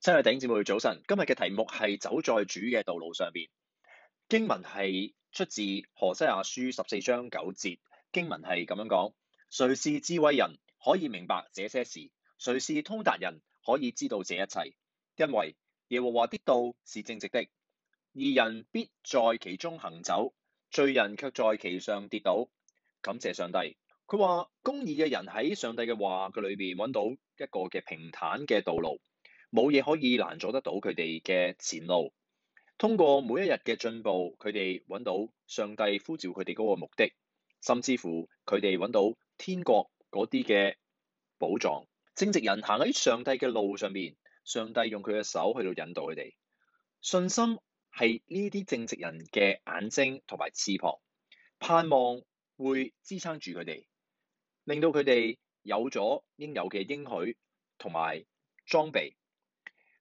親愛的弟兄姊妹早晨，今日嘅題目係走在主嘅道路上邊。經文係出自何西亞書十四章九節，經文係咁樣講：誰是智慧人可以明白這些事？誰是通達人可以知道這一切？因為耶和華的道是正直的，義人必在其中行走，罪人卻在其上跌倒。感謝上帝，佢話公義嘅人喺上帝嘅話佢裏邊揾到一個嘅平坦嘅道路。冇嘢可以攔阻得到佢哋嘅前路。通過每一日嘅進步，佢哋揾到上帝呼召佢哋嗰個目的，甚至乎佢哋揾到天國嗰啲嘅寶藏。正直人行喺上帝嘅路上面，上帝用佢嘅手去到引導佢哋。信心係呢啲正直人嘅眼睛同埋翅膀，盼望會支撐住佢哋，令到佢哋有咗應有嘅應許同埋裝備。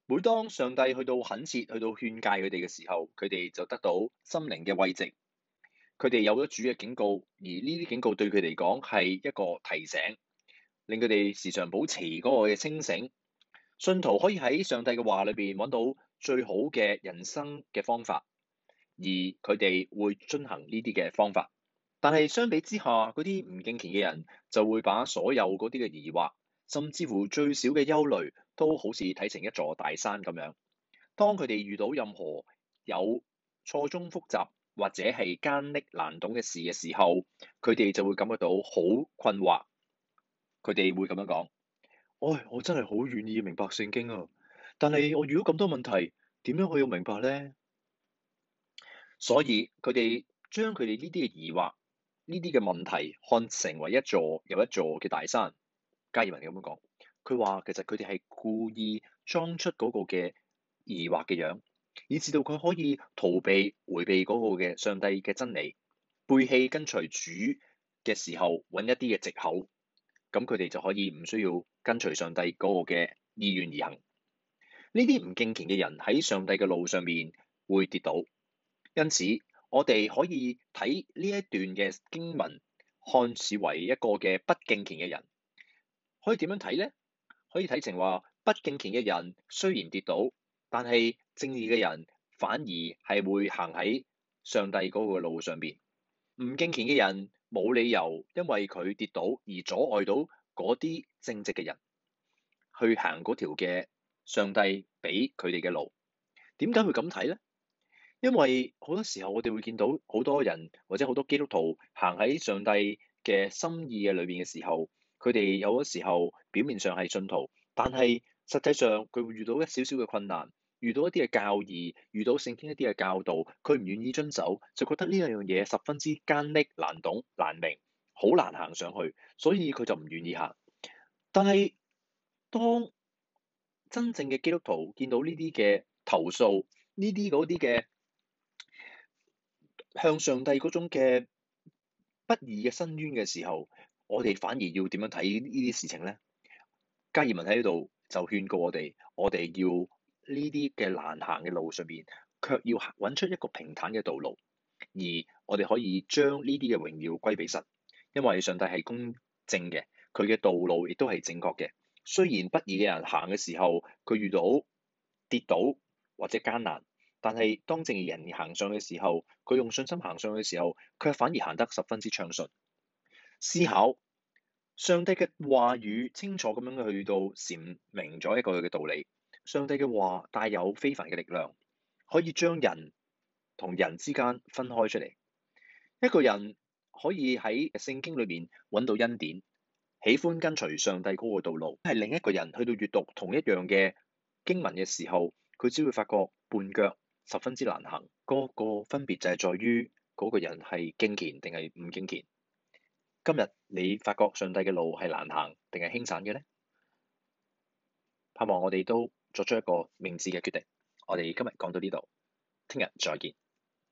每當上帝去到懇切，去到勸誡佢哋嘅時候，佢哋就得到心靈嘅慰藉。佢哋有咗主嘅警告，而呢啲警告對佢哋嚟講係一個提醒，令佢哋時常保持嗰個嘅清醒。信徒可以喺上帝嘅話裏邊揾到最好嘅人生嘅方法，而佢哋會遵行呢啲嘅方法。但係相比之下，嗰啲唔敬虔嘅人就會把所有嗰啲嘅疑惑。甚至乎最少嘅憂慮都好似睇成一座大山咁樣。當佢哋遇到任何有錯綜複雜或者係艱澀難懂嘅事嘅時候，佢哋就會感覺到好困惑。佢哋會咁樣講：唉、哎，我真係好願意明白聖經啊，但係我遇到咁多問題，點樣可以明白咧？所以佢哋將佢哋呢啲嘅疑惑、呢啲嘅問題看成為一座又一座嘅大山。加爾文咁樣講，佢話其實佢哋係故意裝出嗰個嘅疑惑嘅樣，以至到佢可以逃避回避嗰個嘅上帝嘅真理，背棄跟隨主嘅時候揾一啲嘅藉口，咁佢哋就可以唔需要跟隨上帝嗰個嘅意願而行。呢啲唔敬虔嘅人喺上帝嘅路上面會跌倒。因此，我哋可以睇呢一段嘅經文，看似為一個嘅不敬虔嘅人。可以點樣睇呢？可以睇成話，不敬虔嘅人雖然跌倒，但係正義嘅人反而係會行喺上帝嗰個路上邊。唔敬虔嘅人冇理由因為佢跌倒而阻礙到嗰啲正直嘅人去行嗰條嘅上帝俾佢哋嘅路。點解會咁睇呢？因為好多時候我哋會見到好多人，或者好多基督徒行喺上帝嘅心意嘅裏面嘅時候。佢哋有嘅時候表面上係信徒，但係實際上佢會遇到一少少嘅困難，遇到一啲嘅教義，遇到聖經一啲嘅教導，佢唔願意遵守，就覺得呢樣嘢十分之艱澀難懂難明，好難行上去，所以佢就唔願意行。但係當真正嘅基督徒見到呢啲嘅投訴，呢啲嗰啲嘅向上帝嗰種嘅不義嘅申冤嘅時候，我哋反而要點樣睇呢啲事情呢？加爾文喺呢度就勸告我哋，我哋要呢啲嘅難行嘅路上面卻要揾出一個平坦嘅道路，而我哋可以將呢啲嘅榮耀歸俾神，因為上帝係公正嘅，佢嘅道路亦都係正確嘅。雖然不義嘅人行嘅時候，佢遇到跌倒或者艱難，但係當正義人行上嘅時候，佢用信心行上嘅時候，卻反而行得十分之暢順。思考上帝嘅話語清楚咁樣去到闡明咗一個佢嘅道理。上帝嘅話帶有非凡嘅力量，可以將人同人之間分開出嚟。一個人可以喺聖經裏面揾到恩典，喜歡跟隨上帝嗰個道路，係另一個人去到閱讀同一樣嘅經文嘅時候，佢只會發覺絆腳十分之難行。個、嗰個分別就係在於嗰個人係敬虔定係唔敬虔。今日你發覺上帝嘅路係難行定係輕省嘅呢？盼望我哋都作出一個明智嘅決定。我哋今日講到呢度，聽日再見。